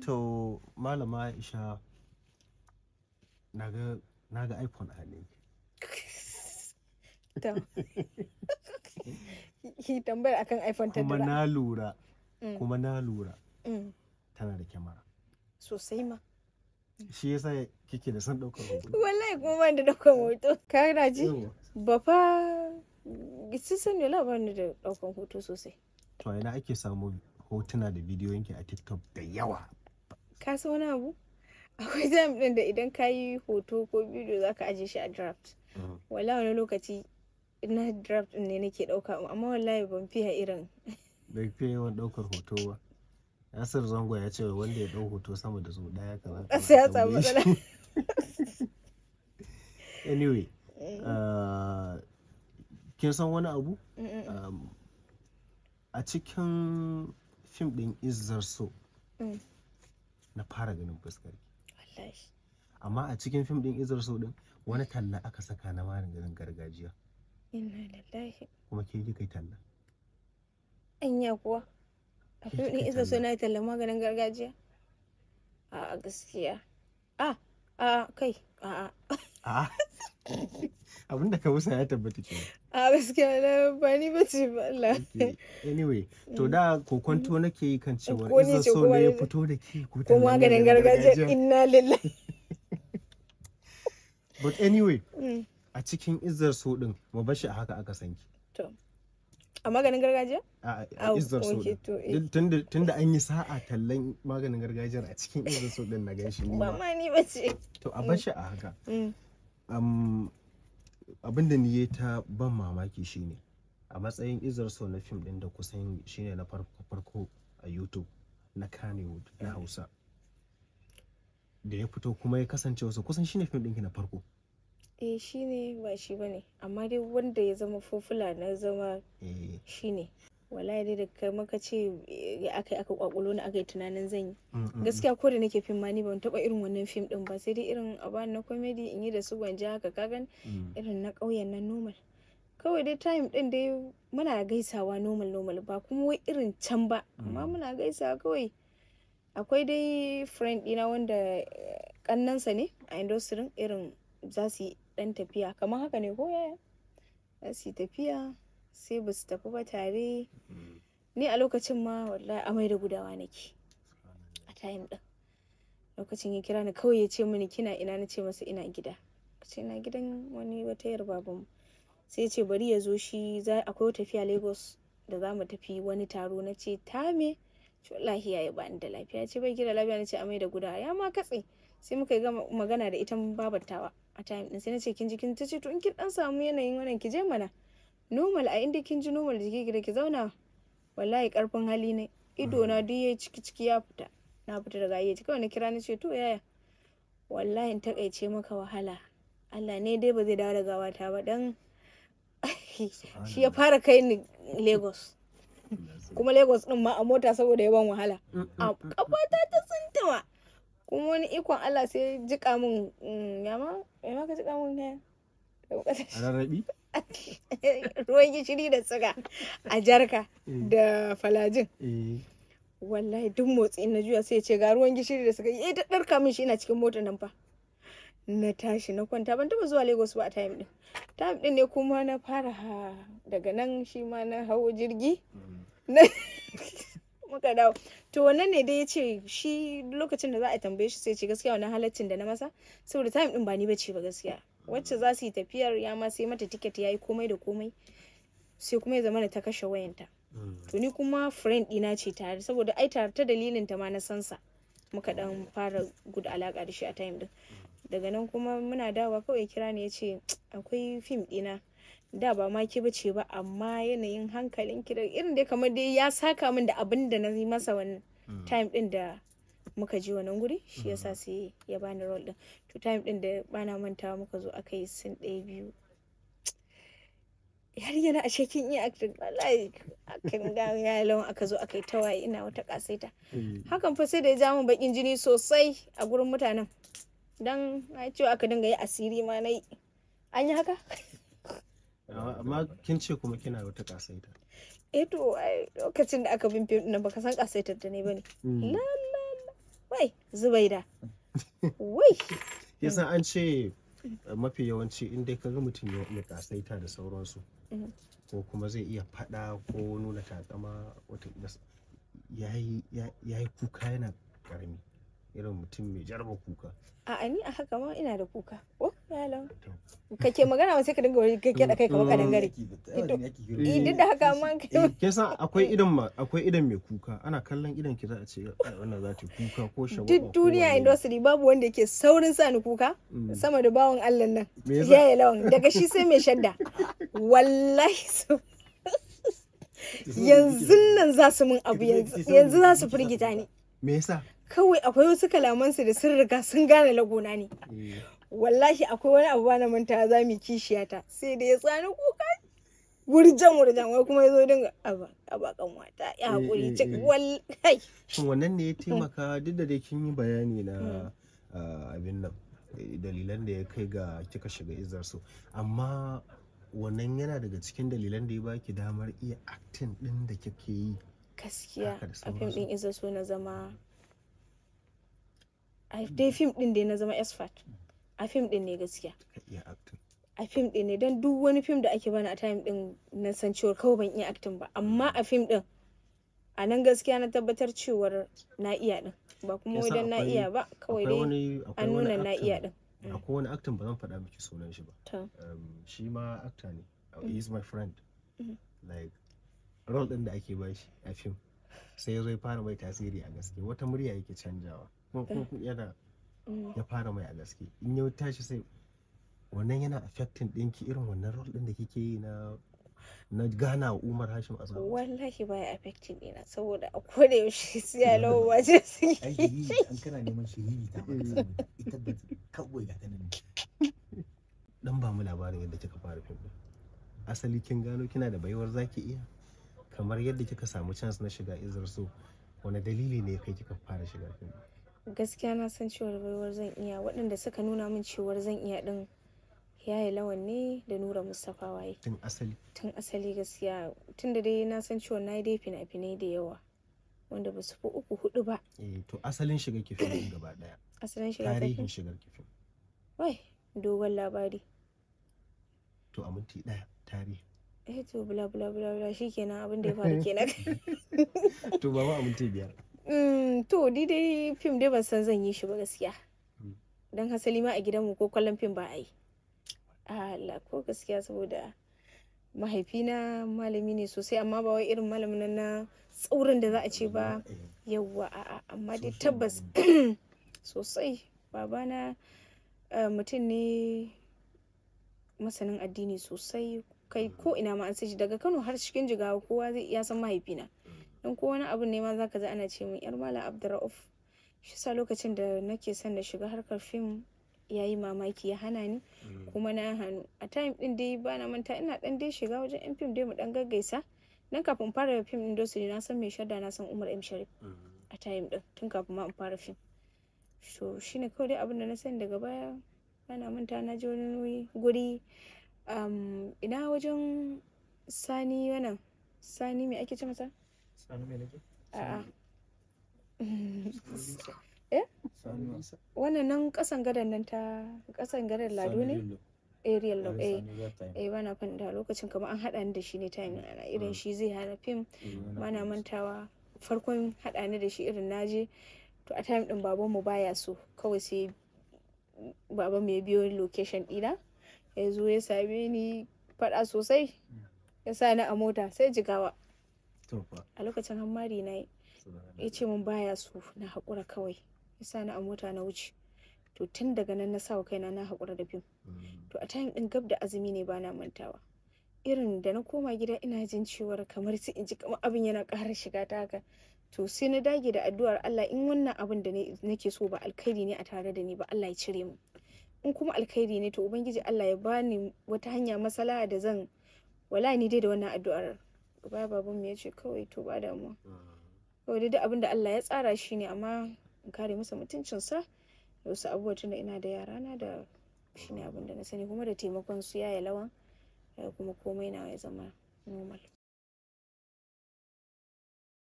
To malama Aisha naga naga iPhone a hannun ki. tambayar akan iPhone ta Kuma na lura. Mm. Kuma na lura. Mm. Tana da kyamara. Sosai ma. Shi yasa kike da son ɗaukar hoto. Wallahi kuma ban da ɗaukar hoto. Ka na ji? Ba fa sun ne labarin da ɗaukar hoto sosai. To ina ake samu hotuna da bidiyoyinki a TikTok da yawa. ka san wani abu akwai time din da idan ka yi hoto ko bidiyo za ka ajiye shi a draft mm-hmm. wala wani lokaci na draft din ne nake dauka amma wallahi ban fiya irin bai fiye yawan daukar hoto ba Nasir Zango ya ce wanda ya dau hoto sama da sau daya kamar sai ya samu matsala anyway eh. uh, kin san wani abu um, a cikin fim din izzar so mm. na fara ganin fuskar ki amma a cikin fim din izar so din wani talla aka saka na maganin gargajiya inna lillahi kuma ke kika kai talla anya kuwa a fim din izar so na yi talla maganin gargajiya a gaskiya ah, a a kai a a abinda ka wusa ya tabbata ke a gaskiya na ba ni ba ce ba Allah anyway to mm. da kokonto nake yi kan cewa izo so ne ya fito da ki ko ta maganin gargajiya inna lillahi but anyway mm. a cikin izar so din mu bashi a haka aka san ki to a maganin gargajiya a izar so din eh. tunda an yi sa'a tallan maganin gargajiyar a cikin izar so din na gaishe shi ba ma ni ba ce to a bashi a haka mm. um abinda da ni ya ta ban mamaki shine a matsayin izar sau na fim din da kusan shine na farko a youtube na kanewood na hausa da ya fito kuma ya kasance wasu kusan shine fim ɗinki na farko eh shine ba shi bane amma dai wanda ya zama fofula na zama eh. shine wallahi dai da kai maka ce eh, aka aka kwakulo ni akai tunanin zan yi mm, mm, mm. gaskiya ko da nake fim ma ni ban taba irin wannan fim din ba sai dai irin a na comedy in yi da su gwanja haka kagan irin na ƙauyen nan normal kawai dai time din dai muna gaisawa normal normal ba kuma wai irin can ba amma muna gaisawa kawai akwai dai friend dina wanda kannansa eh, ne a industry irin za su yi dan tafiya kamar haka ne ko yaya za yi tafiya sai ba su tafi ba tare mm. ni a lokacin ma wallahi amai da gudawa nake a time din lokacin ya kira ni kawai ya ce mini kina ina na ce masa ina gida ce na gidan wani wata yar babam sai ce bari ya zo shi akwai akwai tafiya Lagos da za mu tafi wani taro na ce ta me ce wallahi yayi ba da lafiya ce bai gida lafiya na ce amai da gudawa ya ma katse sai muka yi magana da ita babantawa a time din sai na ce kin ji kin ta ce to in kin dan samu yanayin wannan ki je mana normal a inda kin ji normal jiki gida ki zauna wallahi karfin hali ne ido na duk yayi ciki ciki ya fita na fita daga ayyaci kawai na kira ni ce to yaya wallahi in takaice maka wahala Allah ne dai ba zai dawo da gawata ba dan shi ya fara kai ni Lagos kuma Lagos din ma a mota saboda yawan wahala a kafata mm, mm, mm, ta tsintawa kuma wani ikon Allah sai jika min yama yama ka jika min ne rarrabi ruwan gishiri da suga a jarka mm. da falajin eh. wallahi duk motsi na juya sai ce ga ruwan gishiri da suga ya eh, ɗarka min shi ina cikin motar nan fa na tashi na kwanta ban taba zuwa lagos ba a time din time din ne kuma na fara daga nan shi ma na hau jirgi mm. muka dawo to wannan ne dai yace shi lokacin da za a tambaye shi sai ce gaskiya wannan halaccin da na masa saboda time din ba ni bace ba gaskiya wacce za su yi tafiyar ya ma sai mata ticket yayi komai da komai sai kuma ya zama da ta kashe wayanta hmm. to ni kuma friend dina ce tare saboda ai tare ta dalilin ta ma na sansa muka dan hmm. fara gud alaka da shi a time din daga nan kuma muna dawa kawai kira ne yace akwai film dina da ba ma ki bace ba amma yanayin hankalin ki da irin da kamar dai ya saka min da abin da na yi masa wannan mm. time din da muka je wannan guri shi yasa mm-hmm. sai ya bani role din to time din da bana manta muka zo aka yi sin ɗaya biyu yar yana a cikin iya acting wallahi akan ga yalon aka zo aka yi tawaye ina wata kasaita mm. hakan fa sai da ya ja bakin jini sosai a gurin mutanen dan na cewa aka dinga yi asiri ma nayi, an yi haka amma kin ce kuma kina wata kasaita eh to lokacin da aka bin na nan baka san kasaitar da ne bane mm. la la wai zubaida wai yasa an ce eh, mafi yawanci in dai kaga mutum ya kasaita da sauransu mm-hmm. ko kuma zai iya fada ko nuna takama wata ya yi kuka yana karami irin mutum mai jarba kuka a'a ni a haka ma ina da kuka oh ya kake magana ba sai ka dinga wani gaggada kai kamar ka dangare eh, duk da haka amma ke san akwai eh. idan ma akwai idan mai kuka ana kallon idan ki za a ce eh, wannan za ta kuka ko shagwa duk duniya industry babu wanda yake saurin sa ni kuka mm. sama da bawon Allah nan ya yi lawan daga shi sai mai shadda wallahi yanzu nan za su mun abu yanzu za su firgita ni me yasa kawai akwai wasu kalamansu da sun riga sun gane lagona ne wallahi akwai wani abu bana manta za mu kishiya ta sai da ya tsani kuka wurjan wurjan wai kuma ya zo dinga abakan wata ya hakuri cik eh, eh, eh. wallahi shin wannan ne ya taimaka duk da dai kin yi bayani na hmm. abin nan dalilan da ya kai ga kika shiga izar su amma wannan yana daga cikin dalilan da ya baki damar iya acting din da kike yi gaskiya a fim din izar so na zama a dai fim din da na zama expert a fim din ne gaskiya a fim din ne don duk wani fim da ake bani a time din na san kawai ban iya acting ba amma a fim din a nan gaskiya na tabbatar cewar na iya din ba kuma wajen na iya ba kawai dai an nuna na iya din mm. akwai wani acting ba zan faɗa miki sunan shi ba um, shi ma actor ne mm. he is my friend mm-hmm. like role din da ake bashi a fim sai ya zo ya fara mai tasiri a gaske wata murya yake canjawa kuma mm. yana Mm. ya fara mai a gaske in ya tashi sai wannan yana affecting ɗinki irin wannan role ɗin da kike yi na na gana wa umar hashim a wallahi ba ya affecting ɗina saboda a koda yaushe su ya lawa waje su yi an kana neman shi yi ta ita da kawai ga tanan dan ba mu labarin yadda kika fara fim din, asali kin gano kina da baiwar zaki iya kamar yadda kika samu chance na shiga izar so wani dalili ne kai kika fara shiga fim din? gaskiya na san cewar baiwar zan iya waɗanda suka nuna min cewar zan iya ɗin yayi lawan ne da nura mustapha waye tun asali tun asali gaskiya tun da dai na san cewar na yi dai fina-finai da yawa wanda ba su fi uku hudu ba eh to asalin shiga kifin gaba daya asalin shiga tarihin shigar kifin wai dogon labari to a minti daya tarihi eh to bula bula bula bula shikenan abin da ya faru kenan to ba a minti biyar Mm, to di dai fim dai ban san zan yi shi ba gaskiya hmm. don hasali ma a gidan mu ko kallon fim ba a yi Allah ko gaskiya saboda mahaifina malami ne sosai amma ba wai irin malamin nan na tsaurin da za a ce ba eh. yawwa a'a amma dai tabbas sosai babana eh, mutum ne masanin addini sosai kai hmm. ko ina ma an sai daga Kano har cikin jigawa kowa zai iya san mahaifina hmm. don ko wani abu ne ma zaka ji ana ce min yar mala abdurrauf shi sa lokacin da nake son na shiga harkar fim ya yi mamaki ya hana ni mm. kuma na hannu a time din dai ba na manta ina dan dai shiga wajen yan fim dai mu dan gaggaisa nan kafin fara fim din dosu na san mai shadda na san umar m sharif mm. a time din tun kafin ma in fara fim so shine kawai dai abin da na sani daga baya bana manta na ji wani guri ina wajen sani wannan sani mai ake ce masa Eh? wannan nan kasan gadon nan ta kasan gadon lado ne ariel love eh eh, eh bana fanta lokacin kamar an hada ni da shi ne time ana irin mm. shi zai hana fim mana eh, mantawa farkon hada ni da shi irin naje to a time din baban mu baya so kawai sai baban mu ya biyo location dina ya zo ya same ni fada sosai mm. ya sa ni a mota sai jigawa a lokacin hammari na ya ce min baya su na haƙura kawai yasa na a mota na wuce to tun daga nan na sawa kai kaina na haƙura da fim mm. to a tayin din gab da azumi ne bana mantawa irin da na koma gida ina jin cewar kamar su in ji kamar abin yana ƙara shiga ta haka to sai na dage da addu'ar Allah in wannan abin da nake so ba alkhairi ne a tare da ni ba Allah ya cire mu in kuma alkhairi ne to ubangiji Allah ya bani wata hanya masala da zan wala ni dai da wannan addu'ar ba babanmu ya ce kawai to ba damuwa mm. kawai dai abin da Allah ya tsara shi ne amma in kare masa mutuncin sa wasu abubuwa tunda ina da yara na da shi ne abin da na sani kuma da taimakon su yaya lawan kuma komai na ya zama normal